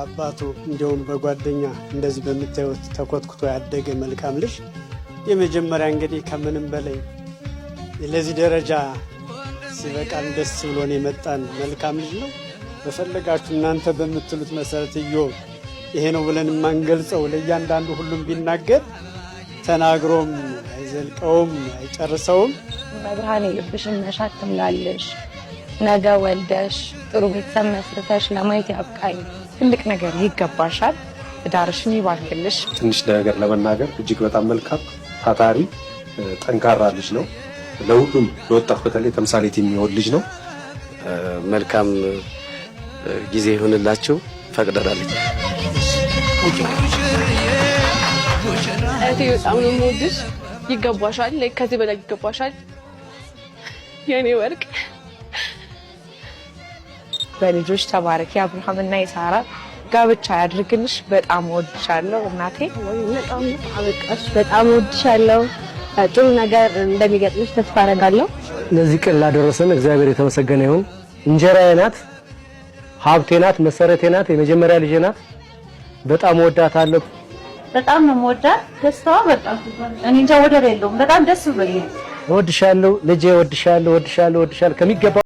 አባቱ እንዲሁም በጓደኛ እንደዚህ በምታዩት ተኮትኩቶ ያደገ መልካም ልጅ የመጀመሪያ እንግዲህ ከምንም በላይ ለዚህ ደረጃ ሲበቃን ደስ ብሎን የመጣን መልካም ልጅ ነው። በፈለጋችሁ እናንተ በምትሉት መሰረት እዮ ይሄ ነው ብለን የማንገልጸው ለእያንዳንዱ ሁሉም ቢናገር ተናግሮም አይዘልቀውም አይጨርሰውም። መብርሃን የልብሽን መሻት ትምላለሽ ነገ ወልደሽ ጥሩ ቤተሰብ መስርተሽ ለማየት ያብቃኝ። ትልቅ ነገር ይገባሻል። ዳርሽን ይባርክልሽ። ትንሽ ነገር ለመናገር እጅግ በጣም መልካም፣ ታታሪ፣ ጠንካራ ልጅ ነው። ለሁሉም ለወጣት በተለይ ተምሳሌት የሚሆን ልጅ ነው። መልካም ጊዜ ይሆንላችሁ። ፈቅደራለች። እቴ በጣም ነው የምወድሽ። ይገባሻል፣ ከዚህ በላይ ይገባሻል የእኔ ወርቅ በልጆች ተባረክ። የአብርሃምና የሳራ ጋብቻ ያድርግልሽ። በጣም ወድሻለሁ እናቴ። በጣም ወድሻለሁ። ጥሩ ነገር እንደሚገጥምሽ ተስፋ አደርጋለሁ። ለዚህ ቀን ላደረሰን እግዚአብሔር የተመሰገነ ይሁን። እንጀራዬ ናት፣ ሀብቴ ናት፣ መሰረቴ ናት፣ የመጀመሪያ ልጄ ናት። በጣም ወዳታለሁ። በጣም ነው የምወዳት። ደስታዋ በጣም እኔ እንጃ ወደር የለውም። በጣም ደስ ብሎኛል። እወድሻለሁ ልጄ፣ እወድሻለሁ፣ እወድሻለሁ፣ እወድሻለሁ ከሚገባ